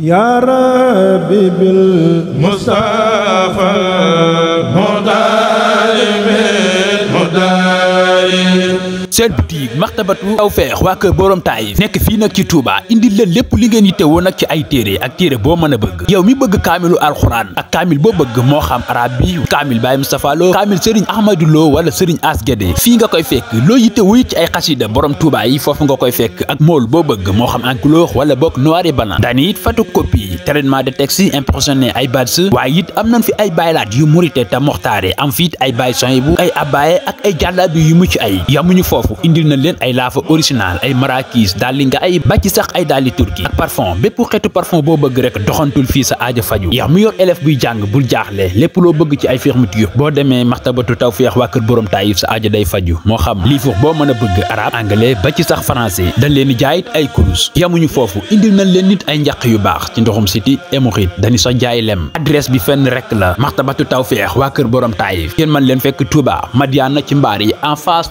yaa rabbi bil Mustafa seen boutique maxtabatu Tawfekh waa kër borom taayif nekk fii nag ci Touba indi leen lépp li ngeen woo nag ci ay téere ak téere boo mën a bëgg yow mi bëgg kaamilu alxuraan ak kaamil boo bëgg moo xam arab bi kaamil Baye Moustapha Lo kaamil Serigne Ahmadou wala Serigne As Guédé fii nga koy fekk loo yittewoo ci ay xasida borom Touba yi foofu nga koy fekk ak mool boo bëgg moo xam en couleur wala bokk noir et blanc dañuy it photocopie traitement de texte impressionné ay bads waaye it am nañ fi ay baylaat yu murite te moxtaare am fi it ay bay son bu ay abaaye ak ay jàllaabi yu mucc ay yamuñu foofu laafu indil na leen ay laafa original ay marakis daalli nga ay ba ci sax ay daalli turki ak parfum bépp xeetu parfum boo bëgg rek doxantul fii sa aajo faju yow mu yor buy jàng bul jaaxle lépp loo bëgg ci ay fermeture boo demee maxtabatu tawfeex waa kër borom taayif sa aajo day faju moo xam livre boo mën a bëgg arabe anglais ba ci sax français dañ jaayit ay kurus yamuñu foofu indil nañ leen nit ay njaq yu baax ci ndoxum siti emoxit dañu sax jaay la maxtabatu tawfeex waa kër borom taayif ngeen mën leen fekk Touba Madiana ci mbaar yi en face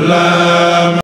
la